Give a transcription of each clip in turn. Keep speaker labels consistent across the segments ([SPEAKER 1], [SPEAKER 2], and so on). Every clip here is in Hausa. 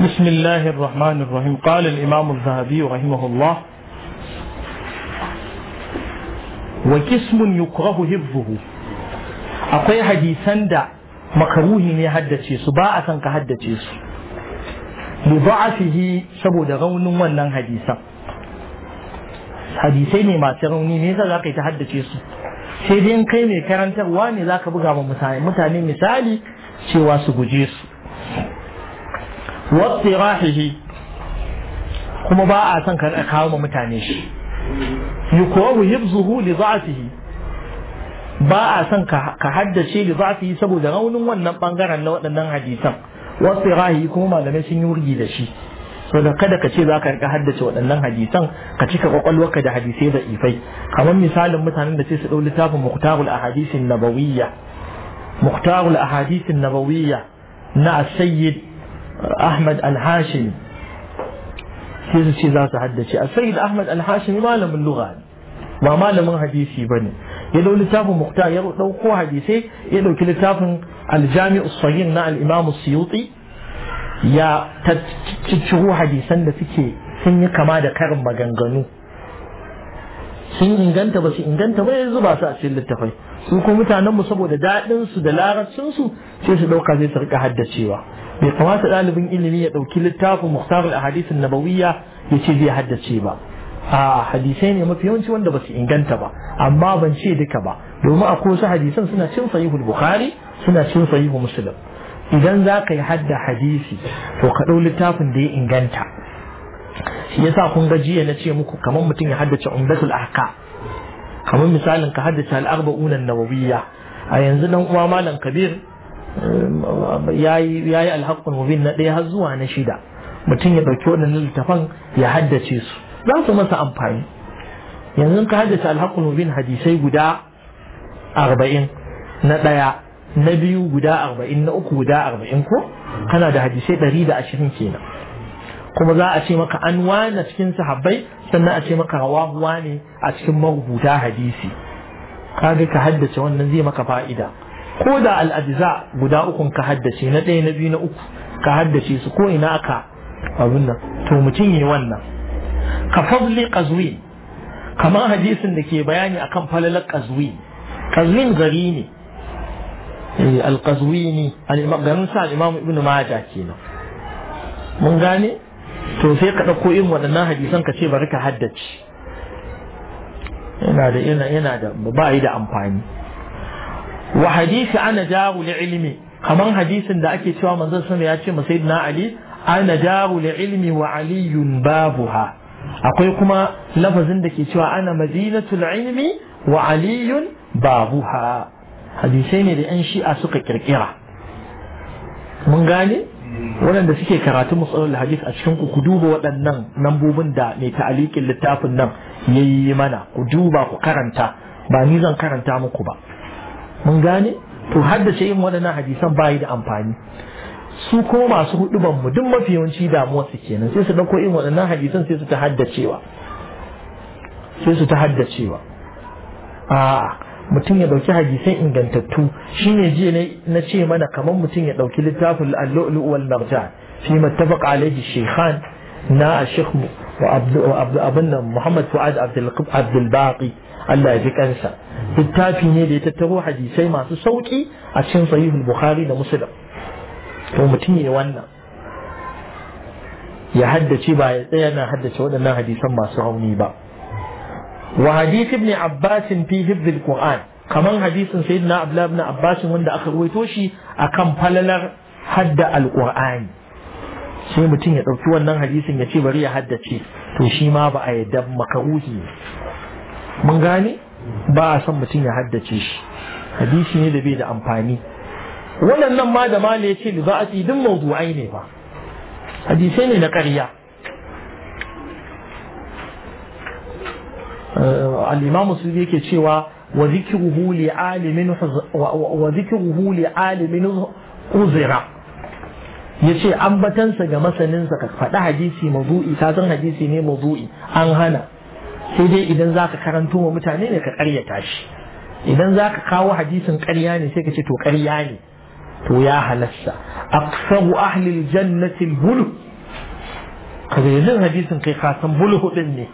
[SPEAKER 1] بسم الله الرحمن الرحيم قال الإمام الذهبي رحمه الله وجسم يكره حفظه أقوي حديثا دا مكروه يحدث سباعة كحدث لضعفه سبو دغون ونن حديثا hadisai ne masu rauni ne yasa zaka yi ta haddace su sai dai in kai mai karantarwa ne zaka buga ma mutane misali cewa su guje su
[SPEAKER 2] wattirahihi
[SPEAKER 1] kuma ba a son ka kawo ma mutane shi yukrahu hibzuhu li dha'fihi ba a son ka haddace li dha'fihi saboda raunin wannan ɓangaren na waɗannan hadisan wattirahihi kuma malamai sun yi wurgi da shi saboda kada ka ce za ka rika haddace waɗannan hadisan ka cika ka da hadisai da ifai kamar misalin mutanen da ce su ɗau littafin muktarul ahadisin nabawiyya muktarul ahadisin nabawiyya na sayyid ahmad al-hashimi sai su ce za su haddace a sayyid ahmad al malamin lugha ba malamin hadisi bane ya dau littafin mukta ya dauko hadisai ya dauki littafin al-jami'u na al-imam suyuti ya cicciro hadisan da suke sun yi kama da karin maganganu sun inganta ba su inganta ba yanzu ba su a cikin littafai su kuma mutanen mu saboda daɗin su da larabcin su sai su ɗauka zai su rika haddacewa bai kamata ɗalibin ilimi ya ɗauki littafin muhtar al-ahadisin nabawiyya ya ce zai haddace ba a hadisai ne mafi yawanci wanda ba su inganta ba amma ban ce duka ba domin a wasu hadisan suna cin sahihul bukhari suna cin sahihu muslim idan za ka yi hadda hadisi to ka ɗau littafin da ya inganta shi yasa kun ga jiya na ce muku kamar mutum ya haddace umdatul ahka kamar misalin ka haddace al-arba'una nawawiyya a yanzu dan uwa malam kabir Ehm, yayi yayi alhaqqul mubin na ɗaya har zuwa na shida mutum ya ɗauki waɗannan littafan ya haddace su za su masa amfani yanzu ka haddace alhaqqul mubin hadisai guda arba'in na ɗaya na biyu guda arba'in na uku guda arba'in ko kana da hadisai ɗari da ashirin kenan kuma za a ce maka an wane cikin sahabbai sannan a ce maka rawahu ne a cikin marubuta hadisi kaga ka haddace wannan zai maka fa'ida ko da al'ajiza guda ukun ka haddace na ɗaya na biyu na uku ka haddace su ko ina aka abin nan to mutum yi wannan ka fadli qazwi kamar hadisin da ke bayani akan falalar qazwi. qazwin gari ne eh, al ne garin sa al-imam ibn majah kenan mun gane to sai ka ɗauko irin waɗannan hadisan ka ce bari ka haddace yana da yana da ba yi da amfani wa hadisi ana jaru li ilmi kamar hadisin da ake cewa manzon sama ya ce ma sayyidina ali ana jaru li ilmi wa aliyun babuha akwai kuma lafazin da ke cewa ana madinatul ilmi wa aliyun babuha hadisai ne da yan shi'a suka kirkira mun gane waɗanda suke karatu musalul hadis a cikin ku duba waɗannan nambobin da mai ta'alikin littafin nan yayi mana ku duba ku karanta ba ni zan karanta muku ba mun gane to haddace yin waɗannan hadisan bayi da amfani su kuma masu ban mu duk mafi yawanci damuwa su kenan sai su dauko yin waɗannan hadisan sai su ta haddacewa sai su ta haddacewa a mutum ya ɗauki hadisan ingantattu shine jiya na ce mana kamar mutum ya ɗauki littafin al-lu'lu' wal marjan fi mattafaq alayhi shaykhan na Sheikh wa abdu abdu Muhammad Fuad Abdul Abdul Baqi Allah ya ji kansa littafi ne da ya tattaro hadisai masu sauƙi a cikin sahihul bukhari da muslim to mutum ya wannan ya haddace ba ya tsaya na haddace waɗannan hadisan masu rauni ba wa hadith ibn abbas fi hifz alquran kaman hadisin sayyidina abdullah ibn abbas wanda aka ruwaito shi akan falalar hadda alqur'ani sai mutum ya ɗauki wannan hadisin ya ce bari ya haddace to shi ma ba a yadda makaruhi mun gane ba a son mutum ya haddace shi hadisi ne da bai da amfani waɗannan ma da mali ya ce li ba a tsidin mawdu'ai ne ba hadisai ne na ƙarya eh, al-imam su yake cewa wa zikruhu li alimin uzira, ya ce an batansa ga masaninsa ka faɗi hadisi mawdu'i ta san hadisi ne mawdu'i an hana sai dai idan za ka karanto wa mutane ne ka karyata shi idan za ka kawo hadisin karya ne sai ka ce to karya ne to ya halasta aksabu ahlil jannatil bulu kaga yanzu hadisin kai ka san bulu hudin ne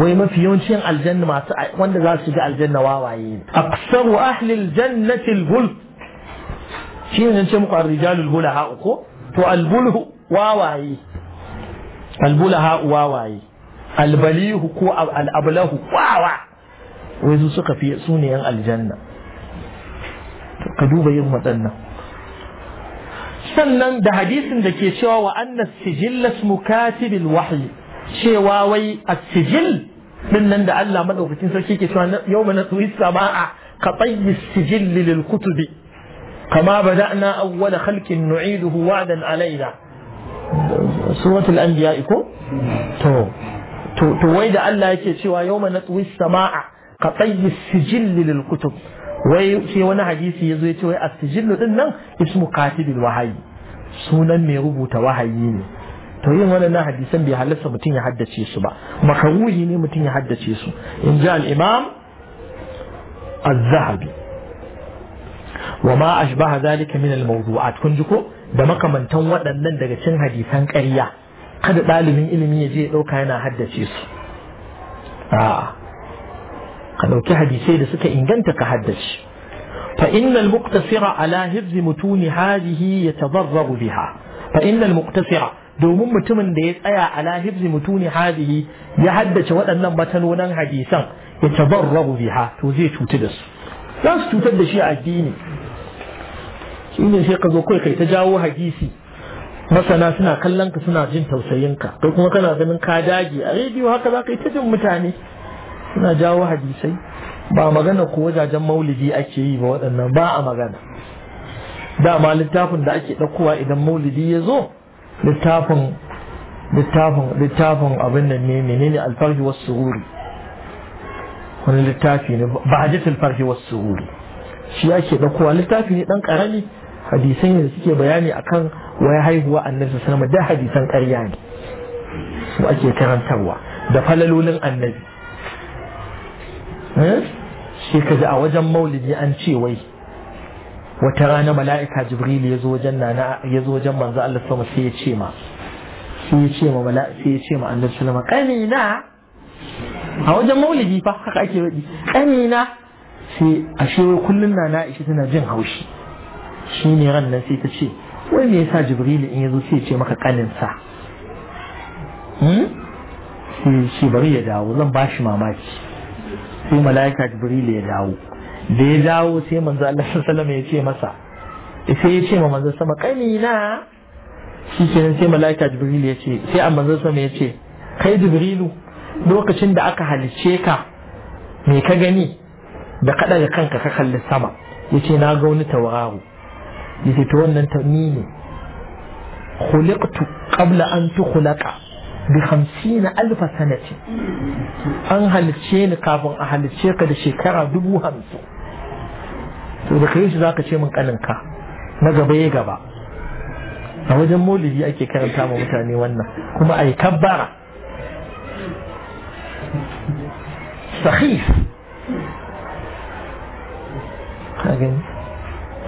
[SPEAKER 1] wai mafi yawancin aljanna masu wanda za su ga aljanna wawaye ne aqsabu ahlil jannatil bulu shi ne ce muku arrijalul bulaha ko to albulu wawaye albulaha wawaye albalihu ko al'ablahu wawa wai su suka fi su ne yan aljanna ka duba yin waɗannan sannan da hadisin da ke cewa wa annas sijil ismu katibil wahyi cewa wai as-sijil din nan da Allah madaukakin sarki ke cewa yau mana natsuwi sama'a ka tayyi sijil lil kutubi kama bada'na awwala khalqin nu'iduhu wa'dan alaina suratul anbiya'i ko to to to wai da Allah yake cewa yawma natwi samaa ka tayyi sijilli lil kutub wai sai wani hadisi yazo yace wai as-sijillu din nan ismu katibil wahayi sunan mai rubuta wahayi ne to yin waɗannan hadisan bai halarta mutum ya haddace su ba makaruhi ne mutum ya haddace su in ji al-imam az-zahabi wa ma ashbaha zalika min al-mawdu'at kun ji ko da makamantan waɗannan daga cin hadisan ƙarya kada ɗalibin ilimi ya je ya ɗauka yana haddace su a ka ɗauki hadisai da suka inganta ka haddace fa innal muqtasira ala hifzi mutuni hadhihi yatadarrabu biha fa innal muqtasira domin mutumin da ya tsaya ala hifzi mutuni hadihi ya haddace waɗannan matanonan hadisan ya tabarrabu biha to zai cutu da su za su cutar da shi a addini shine sai ka zo kai kai ta jawo hadisi masana suna kallon ka suna jin tausayinka kai kuma kana ganin ka dage a rediyo haka za ka yi ta jin mutane suna jawo hadisai ba magana ko wajajen maulidi ake yi ba waɗannan ba a magana dama littafin da ake ɗaukowa idan maulidi ya zo littafin littafin littafin abin nan ne menene alfarhi was sururi wani littafi ne ba hajjatul farhi was sururi shi ake ɗaukowa littafi ne ɗan ƙarami hadisai ne da suke bayani akan wai haihuwa annabi sallallahu alaihi da hadisan ƙarya ne su ake karantarwa da falalolin annabi eh? shi kaji a wajen maulidi an ce wai wata rana mala'ika jibril ya zo wajen nana ya zo wajen manzo Allah sama sai ya ce ma sai ya ce ma mala'ika sai ya ce ma annabi sallallahu alaihi wasallam a wajen maulidi fa haka ake wadi kanina sai a wai kullun nana ishi tana jin haushi shi ne ran nan sai ta ce wai me yasa jibrilu in yazo sai ce maka kanin sa hmm? sai shi bari ya dawo zan ba shi mamaki sai mala'ika jibrilu ya dawo da ya dawo sai manzo Allah sallallahu ya ce masa sai ya ce ma manzo sama kani na shi kenan sai mala'ika jibrilu ya ce sai a manzo sama ya ce kai jibrilu lokacin da aka halice ka me ka gani da kada da kanka ka kalli sama yace na ga wani tauraro yace wannan ta ni ne khuliqtu qabla an tukhlaqa bi 50 alf sanati an halicce ni kafin a halicce ka da shekara dubu hamsin to da kai shi zaka ce min ka na gaba ya gaba a wajen maulidi ake karanta ma mutane wannan kuma ai kabbara sahih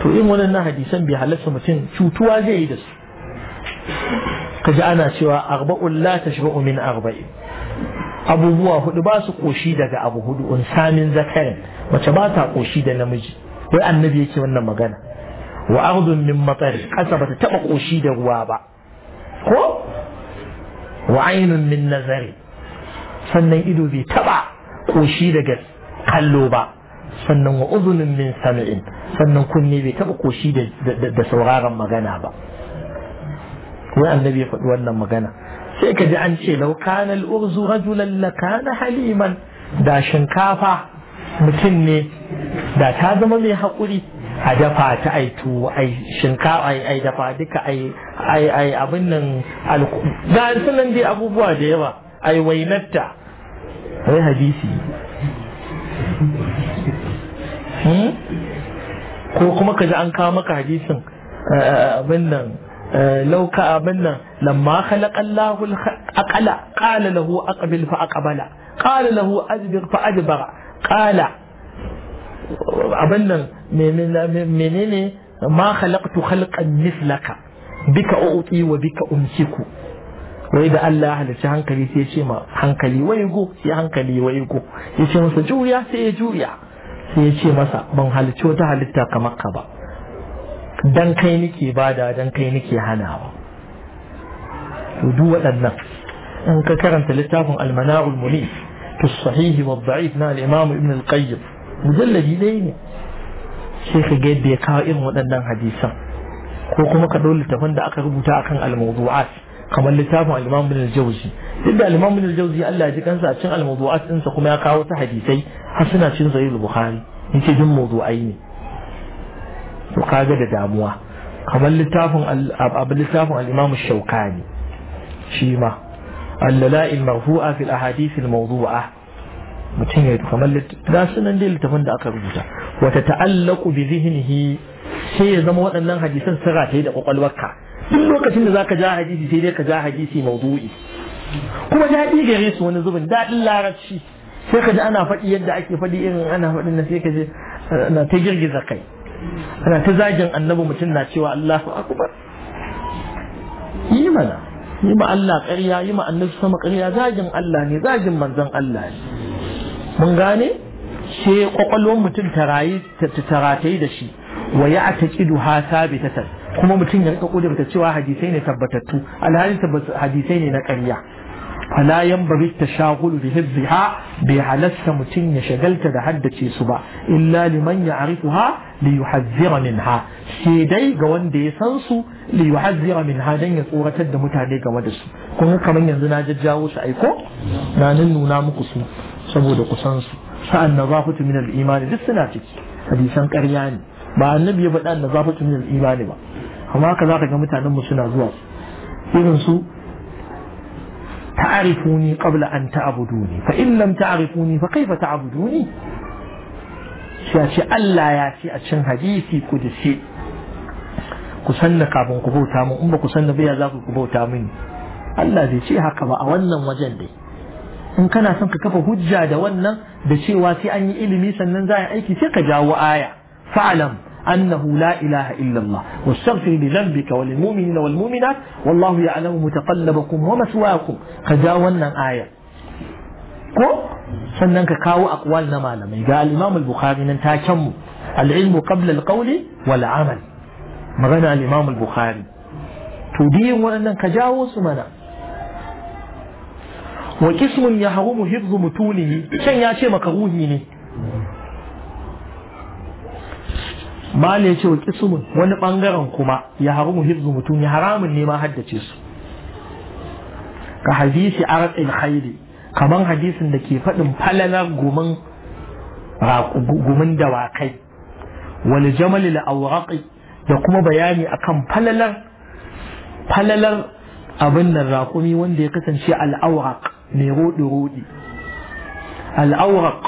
[SPEAKER 1] to in wannan hadisan bai halarta mutum cutuwa zai yi da su kaji ana cewa arba'un la tashba'u min arba'in abubuwa hudu ba su koshi daga abu hudu unsamin zakarin mace ba ta koshi da namiji wai annabi yake wannan magana wa ardun min kasa bata taba koshi da ruwa ba ko wa ainun min nazari sannan ido bai taba koshi daga kallo ba sannan wa uzunin min sam'in sannan kunne bai taba koshi da sauraron magana ba wai annabi ya faɗi wannan magana sai ka ji an ce lau kana al-urzu rajulan la kana haliman da shinkafa mutum ne da ta zama mai haƙuri a dafa ta ai tuwo ai shinkafa ai dafa duka ai ai ai abin nan alku da sunan dai abubuwa da yawa ai wainatta wai hadisi Hmm? ko kuma ka ji an kawo maka hadisin eh, abin nan eh, lauka abin nan lamma khalaqa Allahu aqala qala lahu aqbil fa aqbala qala lahu adbir fa adbara qala abin nan menene ma khalaqtu khalqan mislaka bika uti wa bika umsiku wai da Allah ya halarci hankali sai ya ce ma hankali wai go sai hankali wai go ya ce masa juriya sai ya juriya sai ya ce masa ban halicci wata halitta kamar ka ba dan kai nake bada dan kai nake hanawa to duk waɗannan in ka karanta littafin almanarul muni fi sahihi wa da'if na al-imam ibn al-qayyim mujalladi dai ne sai ka ga yadda ya kawo irin waɗannan hadisan ko kuma ka ɗau littafin da aka rubuta akan al-mawdu'at kamar littafin al-Imam bin al-Jawzi duk da al-Imam bin al-Jawzi Allah ya ji kansa a cikin al-mawdu'at ɗinsa kuma ya kawo ta hadisai har suna cikin sahih al-Bukhari in ce duk mawdu'ai ne to kaga da damuwa kamar littafin abin littafin al-Imam Shawkani shi ma al-lala'il marfu'a fil ahadith al-mawdu'a mutum ya kamar ga sunan dai littafin da aka rubuta wata ta'allaku bi zihnihi sai ya zama waɗannan hadisan sirata da kwakwalwarka duk lokacin da zaka ja hadisi sai dai ka ja hadisi maudu'i kuma daɗi gare su wani zubin daɗin larabci sai ka ji ana faɗi yadda ake faɗi irin ana faɗin na sai ka ji eh, na ta girgiza kai ana ta zagin annabi mutum na cewa Allahu akbar yi mana yi ma Allah ƙarya yi ma annabi sama ƙarya zagin Allah ne zagin manzon Allah ne mun gane she kwakwalwar mutum ta rayu ta da shi wa ya ta kidu ha ta. kuma mutum ya rika kudurta cewa hadisai ne tabbatattu alhali hadisai ne na ƙarya fala yanbaghi at-tashaghul bi hifziha bi halasta mutum ya shagalta da haddace su ba illa liman ya'rifuha li yuhadhdhira minha sai dai ga wanda ya san su li yuhadhdhira minha dan ya tsoratar da mutane game da su kun kamar yanzu na jajjawo su aiko na nuna muku su saboda ku san su sa'an nazafatu min al-iman duk suna ciki hadisan ƙarya ne ba annabi ya faɗa nazafatu min al-iman ba amma haka za ka ga mutanen mu suna zuwa irin su ta'arifuni qabla an ta'buduni fa in lam ta'rifuni fa kaifa ta'buduni shi ce Allah ya ce a cikin hadisi kudusi ku sanna kafin ku bauta mu in ba ku sanna baya za ku bauta min. Allah zai ce haka ba a wannan wajen dai in kana son ka kafa hujja da wannan da cewa sai an yi ilimi sannan za a yi aiki sai ka jawo aya fa'alam أنه لا إله إلا الله واستغفر لذنبك وللمؤمنين والمؤمنات والله يعلم متقلبكم ومثواكم كجاونا آية كو سننك كاو أقوالنا ما لم قال الإمام البخاري ننتاكم العلم قبل القول والعمل مغنى الإمام البخاري تدين وأننا كجاو سمنا وكسم يهرم حفظ متونه شن يا شيء مكروه mal ya ce wa kismun wani bangaren kuma ya haramu hifzu mutum ya haramun ne ma haddace su ka hadisi arqil khayli kamar hadisin da ke faɗin falalar gumin gumin dawakai wani Jamalil al awraqi da kuma bayani akan falalar falalar abin nan raƙumi wanda ya kasance al'aurak mai roɗi-roɗi al'aurak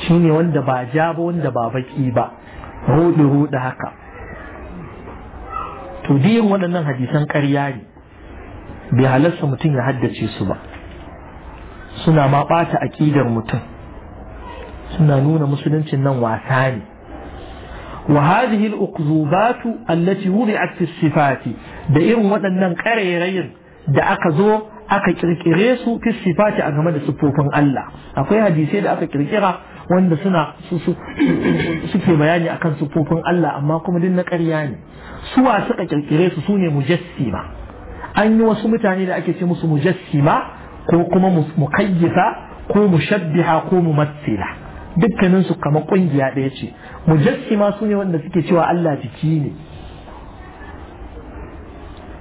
[SPEAKER 1] shi wanda ba ja ba wanda ba baƙi ba ruɗe-ruɗe haka to diyin waɗannan hadisan ƙarya ne bai halarsa mutum ya haddace su ba suna ma ɓata aƙidar mutum suna nuna musuluncin nan wasa ne وهذه الأقذوبات التي وضعت في الصفات da irin waɗannan ƙarairayin da aka zo aka kirkire su fi sifati a game da siffofin Allah akwai hadisai da aka kirkira wanda suna suke bayani akan siffofin Allah amma kuma din na ƙarya ne suwa suka kirkire su sune mujassima an yi wasu mutane da ake ce musu mujassima ko kuma mukayyisa ko mushabbiha ko mumassila dukkanin su kamar kungiya ɗaya ce mujassima sune wanda suke cewa Allah jiki ne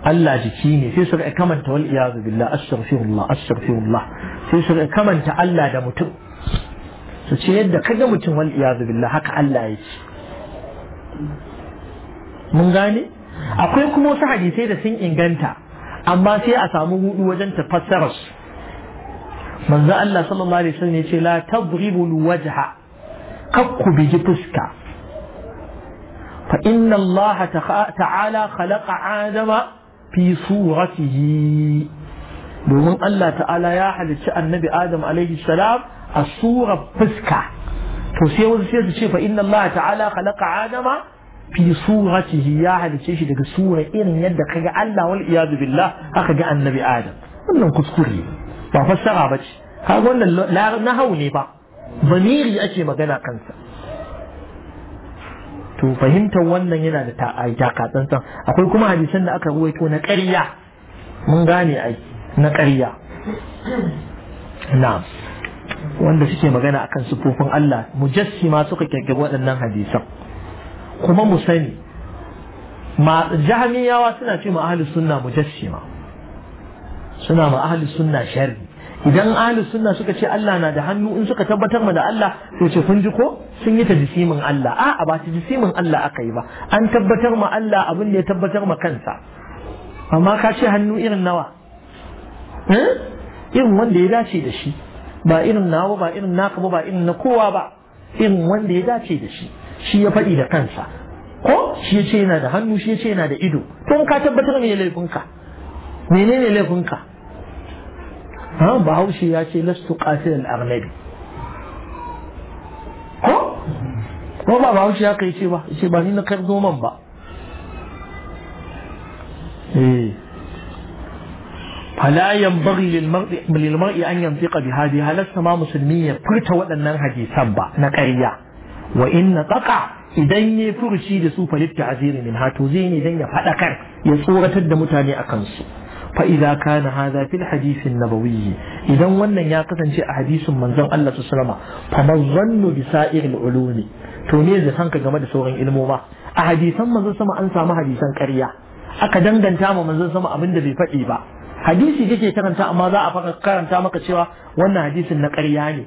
[SPEAKER 1] Allah jiki ne sai su ga kamanta wal iyazu billah astaghfirullah astaghfirullah sai su ga kamanta Allah da mutum su ce yadda kaga mutum wal iyazu billah haka Allah yake mun gane akwai kuma wasu hadisai da sun inganta amma sai a samu hudu wajen ta fassara su manzo Allah sallallahu alaihi wasallam yace la tadribul wajha kakku biji fuska fa inna Allah ta'ala khalaqa adama fi suratihi domin Allah ta'ala ya halicci annabi Adam alaihi salam a surar fuska to sai wasu sai su ce fa inna Allah ta'ala khalaqa Adama fi suratihi ya halicce shi daga sura irin yadda kaga Allah wal iyadu billah aka ga annabi Adam wannan kuskure ba fassara bace kaga wannan na hau ne ba zamiri ake magana kansa to fahimtar wannan yana da taka tsantsan akwai kuma hadisan da aka ruwaito na ƙarya mun gane ai na ƙarya na wanda suke magana akan sufofin Allah mujassima suka kirkiri waɗannan hadisan kuma mu sani jahamiyawa suna ce ma ahlus sunna mujassima suna ma ahli sunna sharri idan ahli sunna suka ce Allah na da hannu in suka tabbatar ma da Allah to ce kun ji ko sun yi ta jisimin Allah a'a ba ta jisimin Allah aka yi ba an tabbatar ma Allah abin da ya tabbatar ma kansa amma ka ce hannu irin nawa eh? irin wanda ya dace da shi ba irin nawa ba irin naka ba ba irin na kowa ba irin wanda ya dace da shi shi ya faɗi da kansa ko shi ya ce yana da hannu shi ya ce yana da ido to ka tabbatar me laifinka menene laifinka ها بعوشي يا شي لست قاتلا اغلبي ها وما بعوشي يا كي شي با شي با هنا كان دوما با فلا ينبغي للمرء للمرء ان ينطق بهذه هل السماء مسلميه فرت ودن نان هدي سبا نقريا وان نطق idan ya furci da su falitta azirin min hato zai ne dan fa idza kana hadha fil hadith an idan wannan ya kasance a hadisin manzon Allah sallallahu alaihi wasallam fa zannu bi sa'ir al-ulumi to me zai sanka game da sauran ilmoma a hadisan manzon sama an samu hadisan karya aka danganta ma manzon sama abin da bai faɗi ba hadisi kake karanta amma za a karanta maka cewa wannan hadisin na karya ne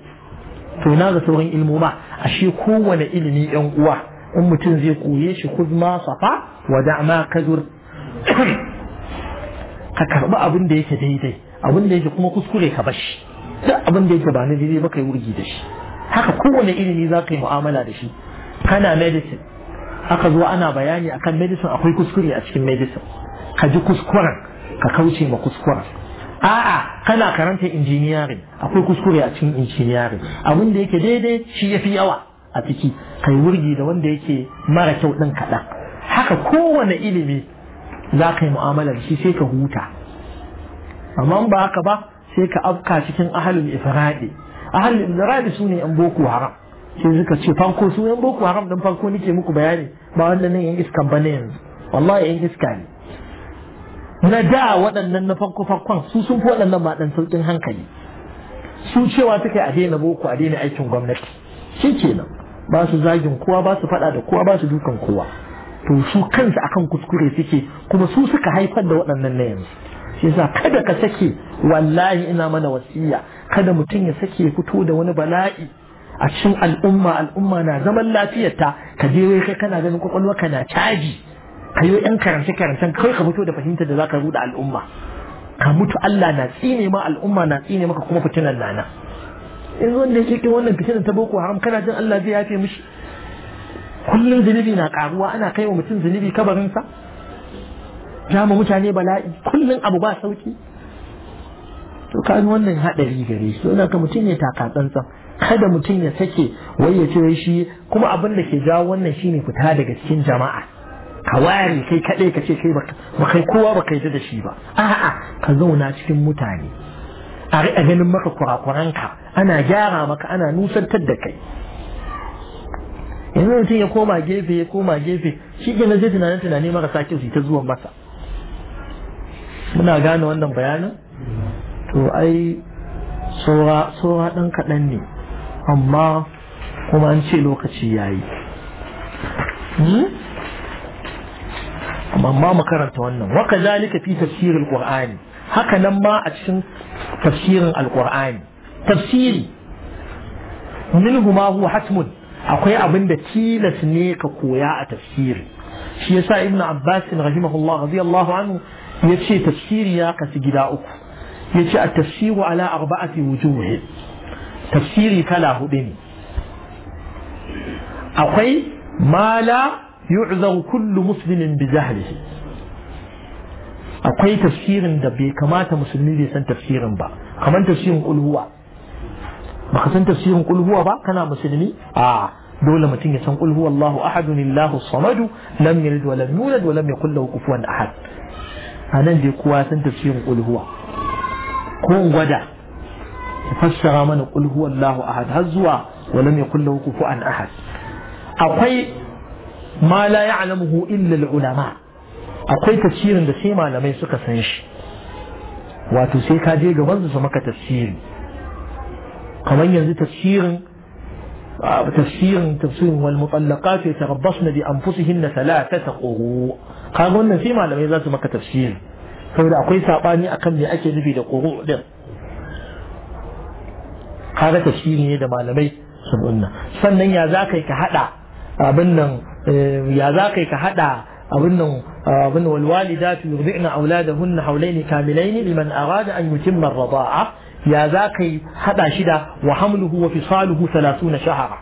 [SPEAKER 1] to na ga sauran ilmoma ashe kowane ilimi yan uwa in mutum zai koye shi kuzma safa wa da'ma ka karɓi abin da yake daidai abin da yake kuma kuskure ka bashi duk abin da yake ba na daidai ba kai wurgi da shi haka kowane ilimi za ka yi mu'amala da shi kana medicine aka zo ana bayani akan medicine akwai kuskure a cikin medicine ka ji kuskuren ka kauce ma kuskuren a'a kana karanta engineering akwai kuskure a cikin engineering abin da yake daidai shi yafi yawa a ciki kai wurgi da wanda yake mara kyau ɗin kaɗan haka kowane ilimi za ka yi mu'amalar shi sai ka huta amma ba haka ba sai ka afka cikin ahalin isra'i ahalin isra'i su ne yan boko haram sai suka ce farko su yan boko haram don farko nake muku bayani ba wanda nan yan iskan ne yanzu wallahi yan iska ne na da waɗannan na farko farkon su sun fi waɗannan ba ɗan saukin hankali su cewa suka yi a daina boko a daina aikin gwamnati shi kenan ba su zagin kowa ba su faɗa da kowa ba su dukan kowa to su kansu akan kuskure suke kuma su suka haifar da waɗannan na yanzu shi yasa kada ka sake wallahi ina mana wasiya kada mutum ya sake fito da wani bala'i a cikin al'umma al'umma na zaman lafiyarta ka je wai kai kana ganin kwakwalwa na caji ka yi yan karance karancen kawai ka fito da fahimtar da zaka ruda al'umma ka mutu Allah na tsine ma al'umma na tsine maka kuma fitinan nana in wanda yake kin wannan fitinan ta boko haram kana jin Allah zai yafe mishi kullum zunubi na karuwa ana kai wa mutum zunubi kabarinsa ya mu mutane bala'i kullum abu ba sauki to kan wannan hadari gare shi don haka mutum ya taka tsantsan kada mutum ya sake wai ya ce shi kuma abin da ke jawo wannan shine fita daga cikin jama'a ka ware kai kadai ka ce kai ba kai kowa ba kai da shi ba a'a ka zauna cikin mutane a ganin maka kurakuranka ana gyara maka ana nusantar da kai yanzu mutum ya koma gefe ya koma gefe shi ke na zai tunanin tunani marasa kyau su ta zuwa masa muna gane wannan bayanin to ai saura ɗan kaɗan ne amma kuma an ce lokaci ya yi hmm? amma mu karanta wannan waka zalika fi tafsirin Alƙur'ani haka nan ma a cikin tafsirin Alƙur'ani tafsiri minhu mahu huwa hatmun akwai abin da tilas ne ka koya a tafsiri shi yasa ibn abbas rahimahullah radiyallahu anhu yace tafsiri ya kasu gida uku yace at-tafsiru ala arba'ati wujuh tafsiri kala hudu ne akwai ma la yu'zaru kullu muslimin bi jahlihi akwai tafsirin da bai kamata musulmi bai san tafsirin ba kamar tafsirin ulwa baka san tafsirin qul huwa ba kana musulmi a dole mutum ya san qul huwa Allahu ahadun Allahu samadu lam yalid wa lam yulad wa lam yakul lahu kufuwan ahad anan dai kowa san tafsirin qul huwa ko gwada fassara mana qul huwa Allahu ahad har zuwa wa lam yakul lahu kufuwan ahad akwai ma la ya'lamuhu illa al-ulama akwai tafsirin da sai malamai suka san shi wato sai ka je gaban su maka tafsiri قضيه تفسير آه، تفسير تفسير والمطلقات يتربصن بانفسهن ثلاثه قروء قالوا ان في معلم لازم مكه تفسير فاذا اقول ساباني اكم لي اكل في القروء نعم. هذا تفسير يد معلمي سنقولنا سنن يا زاكي كهدا abinnan ya za kai ka hada abin nan abin walwalidatu yurdina aulada hunna haulaini kamilaini liman arada يا ذاكي حدا شدا وحمله وفصاله ثلاثون شهرا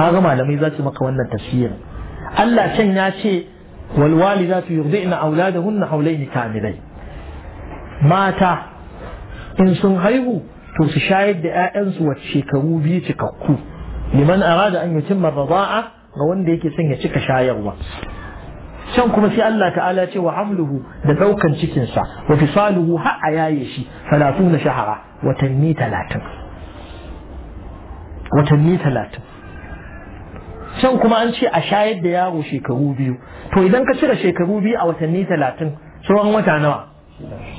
[SPEAKER 1] هذا ما لم يزاك مكونا التسفير ألا شن ياشي والوالدات يرضئن أولادهن حولين كاملين ماتا إن سنغيه تشاهد دائنس وتشيكو بيتككو لمن أراد أن يتم الرضاعة وأن ديكي سنغيه تشيك شايروا can kuma sai Allah ta'ala ce wa hamluhu da daukan cikin sa wa fisaluhu har a yaye shi na shahara watanni talatin. watanni talatin can kuma an ce a shayar da yaro shekaru biyu to idan ka cire shekaru biyu a watanni talatin sauran wata nawa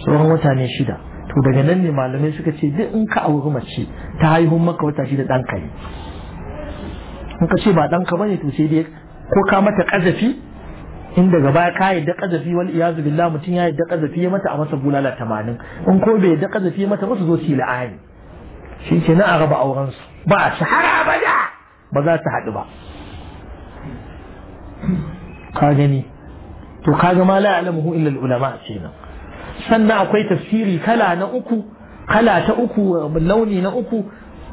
[SPEAKER 1] sauran wata ne shida to daga nan ne malamai suka ce duk in ka auri mace ta haihun maka wata shida ɗanka ne in ka ce ba ɗanka bane to sai dai ko ka mata ƙazafi in daga baya ka yadda kazafi wal iyazu billah mutun ya yadda kazafi ya mata a masa bulala 80 in ko bai yadda kazafi ya mata ba su zo su yi la'ani shi ke na araba auren su ba su har da ba za su haɗu ba ka gani to kaga ma la alamu illa al ulama kenan sannan akwai tafsiri kala na uku kala ta uku launi na uku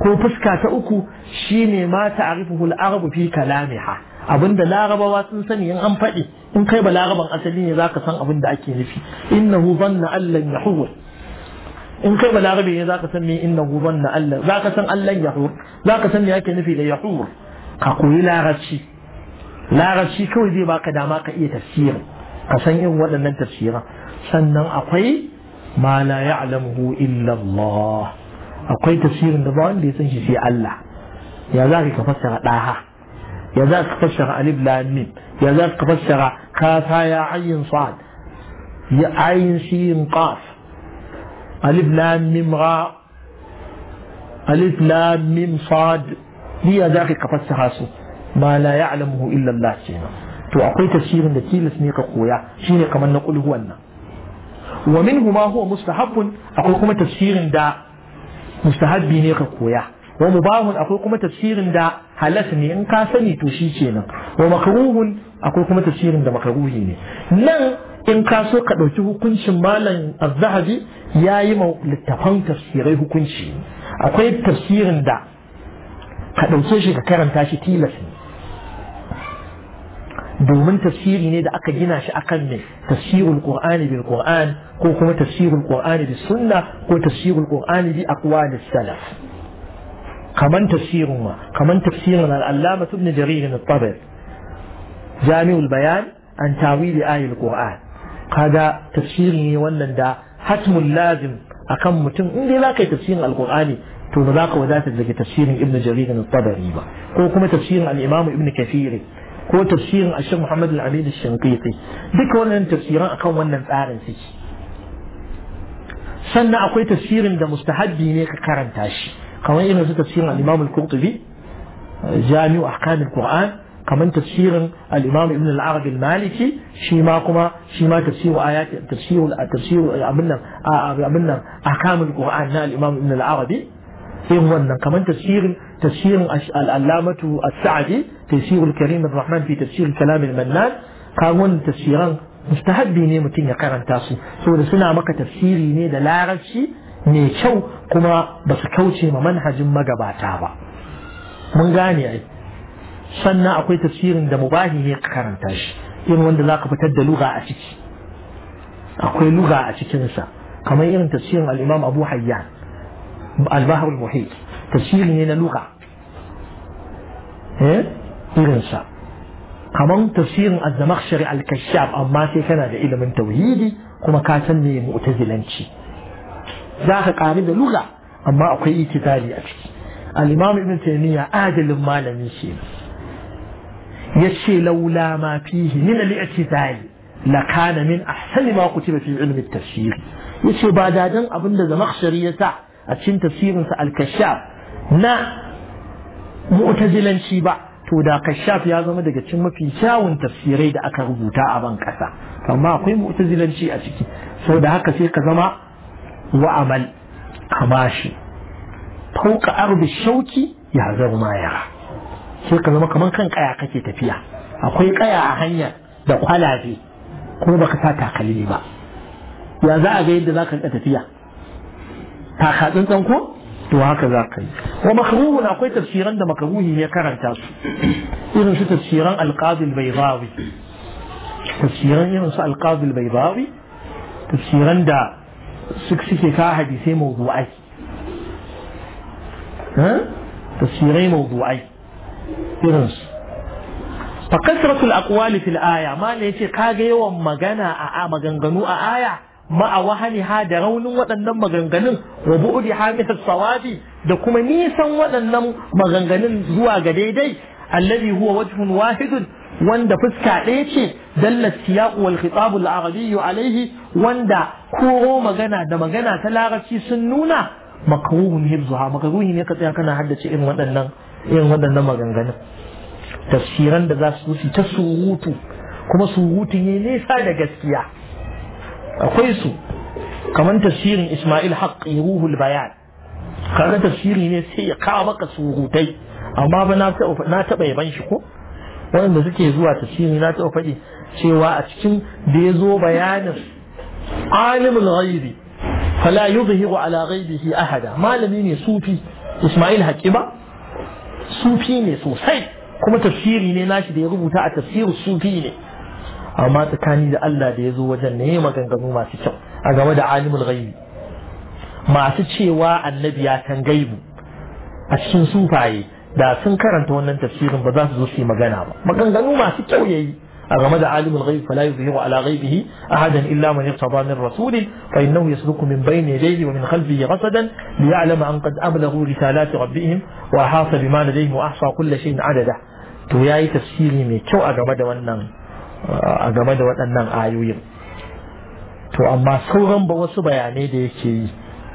[SPEAKER 1] ko fuska ta uku shine ma ta'rifuhu al-arabu fi kalamiha Abin da larabawa sun sani in an faɗi in kai ba laraban asali ne zaka san abin da ake nufi innahu dhanna allan yahur in kai ba larabe ne zaka san me innahu dhanna allan zaka san allan yahur zaka san me ake nufi da yahur ka koyi larabci larabci kawai zai baka dama ka iya tafsiri ka san irin waɗannan tafsiran sannan akwai ma la ya'lamuhu illa Allah akwai tafsirin da ba wanda ya san shi sai Allah ya za ka fassara ɗaha يذاك ذاك فسر ألف لام ميم يا ذاك فسر كافها يا عين صاد يا عين سين قاف ألف لام ميم غاء ألف لام ميم صاد هي ذاك فسر ما لا يعلمه إلا الله سينا تو أقوي تفسير التي سنيك كقويا شيني كمان نقول هو أنا ومنه ما هو مستحب أقول كما تفسير دا مستحب بيني كقويا ومباح أقول كم تفسير دا حلسني إن كاسني توشي شينا ومكروه أقول كم تفسير دا مكروهيني نن إن كاسو قد وجهه كن شمالا الذهبي يا يما للتفهم تفسيره كن شين أقول تفسير دا قد وجهه كرم تاشي تيلسني domin tafsiri ne da aka gina shi akan ne tafsirul qur'ani bil qur'an ko kuma tafsirul qur'ani bis sunna ko tafsirul qur'ani كمان تفسيرهما كمان تفسيرنا العلامة ابن جرير الطبري جامع البيان عن تاويل آي القرآن هذا تفسيري wannan da hatmul lazim akan mutum in dai zaka yi tafsirin alqur'ani to ba za ka wadatar daga tafsirin ibn jarir al-tabari ba ko kuma tafsirin al-imam ibn kathir ko tafsirin ash muhammad al-amin al-shinqiti duka wannan tafsiran akan wannan tsarin suke sannan akwai tafsirin da mustahabbi ne ka karanta shi قوانين هذا تفسير الإمام القرطبي جامع أحكام القرآن كما تفسير الإمام ابن العربي المالكي شيما كما شيما تفسير آيات تفسير تفسير عملنا أحكام القرآن الإمام ابن العربي إيه كما تفسير تفسير العلامة السعدي تفسير الكريم الرحمن في تفسير الكلام المنان كما تفسيرا مستحب بيني متين يقارن تاسو سوى سنة مكة تفسيري ني دلارة mai kyau kuma ba su kauce ma manhajin magabata ba mun gane ai sannan akwai tafsirin da mubahi ne ka karanta shi irin wanda za ka fitar da luga a ciki akwai luga a cikinsa kamar irin tafsirin al'imam abu hayyan al-bahar muhit tafsiri ne na luga eh irinsa kamar tafsirin az-zamakhshari al-kashaf amma sai kana da ilimin tauhidi kuma ka san me mu'tazilanci za ka ƙari da lura amma akwai itizali a ciki al-imam ibn taymiya adalin malami shi yace laula ma fihi min al-itizali la kana min ahsani ma kutiba fi ilmi at-tafsir yace ba dadan abinda zamakhshari ya sa a cikin tafsirin sa al-kashaf na mu'tazilanci ba to da kashaf ya zama daga cikin mafi kyawun tafsirai da aka rubuta a ban kasa amma akwai mu'tazilanci a ciki saboda haka sai ka zama وعمل كماشي فوق أرض الشوك يا ما يرى شيء كذا ما كمان كان كأي عقدة تفيا أقول كأي عهنيا ده قال عزي كل ما كثرت عقلي ما يا ذا عزي ده ذاك التفيا تأخذ أنت أنكم وهكذا قال ومكروه أقول تفسيرا ده مكروه هي كرر تاس إذا شو تفسيرا القاضي البيضاوي تفسيرا إذا القاضي البيضاوي تفسيرا ده suka suke kawo hadisai mawdu'ai tasirai mawdu'ai irinsu فكثرة الأقوال في الآية ما نيتي كاجي ومغانا آآ مغنغنو آية ما أوهنها درون ودنن مغنغنن وبؤد حامل الصواب دكما نيسا ودنن مغنغنن زوا غديدي الذي هو وجه واحد wanda fuska ɗaya ce dallas siyaqu wal khitab al alaihi wanda koro magana da magana ta larabci sun nuna makruhun hibzuha makruhi ne ka tsaya kana haddace irin waɗannan irin waɗannan maganganun tafsiran da za su ta surutu kuma surutu ne nesa da gaskiya akwai su kamar tafsirin Ismail Haqqi Ruhul Bayan kaga tafsiri ne sai ya kawo maka surutai amma ba na taɓa yaban shi ko waɗanda suke zuwa tafsiri na taɓa faɗi cewa a cikin da ya zo bayanin alimul ghaibi fala yuzhiru ala ghaibihi ahada malami ne sufi Ismail Hakiba sufi ne sosai kuma tafsiri ne nashi da ya rubuta a tafsirin sufi ne amma tsakani da Allah da ya zo wajen ne maganganu masu kyau a game da alimul ghaibi masu cewa annabi ya san gaibu a cikin sufaye da sun karanta wannan tafsirin ba za su zo su yi magana ba maganganu masu kyau yi. a game da alimul ghaib fala yuzhiru ala ghaibihi ahadan illa man irtada min rasul fa innahu yasluku min bayni yadayhi wa min khalfihi ghasadan liya'lama an qad ablaghu risalati rabbihim wa hasa bima ladayhim wa ahsa kull shay'in adada to yayi tafsiri mai kyau a game da wannan a game da waɗannan ayoyin to amma sauran ba wasu bayanai da yake yi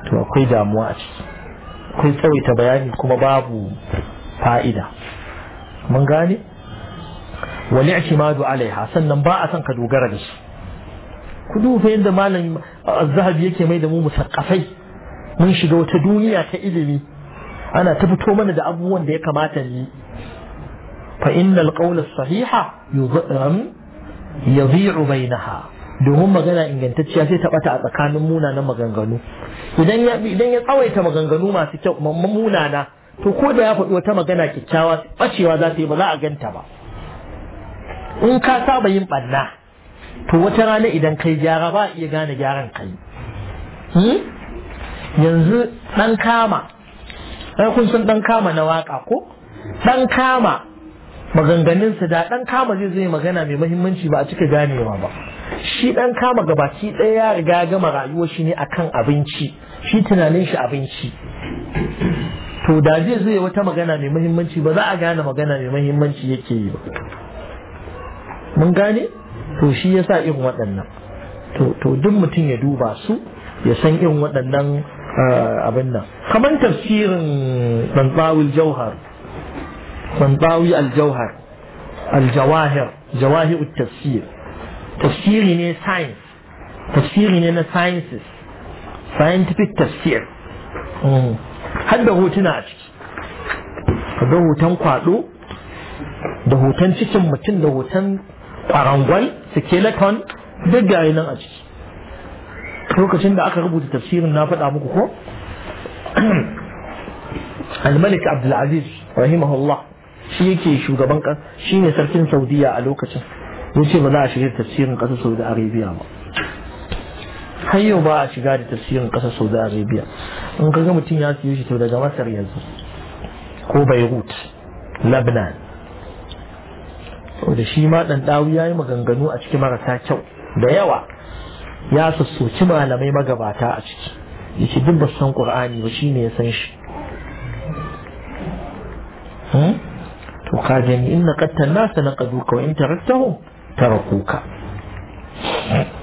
[SPEAKER 1] to akwai damuwa a ciki akwai tsawaita bayani kuma babu fa'ida mun gane wani i'timadu alaiha sannan ba a san ka dogara da su ku dufa yadda malam zahabi yake mai da mu musakkafai mun shiga wata duniya ta ilimi ana ta fito mana da abubuwan da ya kamata ni fa innal qawla sahiha yadhi'u bainaha domin magana ingantacciya sai ta bata a tsakanin munanan maganganu idan ya idan ya tsawaita maganganu masu kyau munana to ko da ya faɗi wata magana kyakkyawa ɓacewa za ta yi ba za a ganta ba in ka saba yin ɓanna to wata rana idan kai gyara ba iya gane gyaran kai hmm? yanzu ɗan kama ai kun san ɗan kama na waka ko ɗan kama maganganunsa da ɗan kama zai zai magana mai mahimmanci ba a cika ganewa ba shi ɗan kama gabaki ɗaya ya riga gama rayuwar shi ne akan abinci shi tunanin shi abinci to da zai zo ya wata magana mai muhimmanci ba za a gane magana mai muhimmanci yake yi ba mun gane to shi ya sa irin waɗannan to duk mutum ya duba su ya san irin waɗannan eh, abin nan kamar tafsirin ɗanɗawul jauhar ɗanɗawi aljauhar aljawahir jawahir tafsir tafsiri ne science tafsiri ne na sciences scientific tafsir hmm. har da hotuna a ciki kaga hoton kwado da hoton cikin mutum da hoton kwarangwal skeleton duk gayi nan a ciki lokacin da aka rubuta tafsirin na faɗa muku ko الملك عبد العزيز رحمه الله shi yake shugaban shi ne sarkin saudiya a lokacin ya ce ba za a shiga tafsirin ƙasar saudi arabia ba har yau ba a shiga da tafsirin ƙasar saudi arabia in ka ga mutum ya siyo shi to daga masar yanzu ko beirut lebanon da shi ma ɗan ɗawu ya yi maganganu a ciki marasa kyau da yawa ya sassoci malamai magabata a ciki ce duk basu san ƙur'ani ba shi ne ya san shi hmm? to ka gani inna qattan nasa naqaduka wa in taraktahum tarakuka hmm?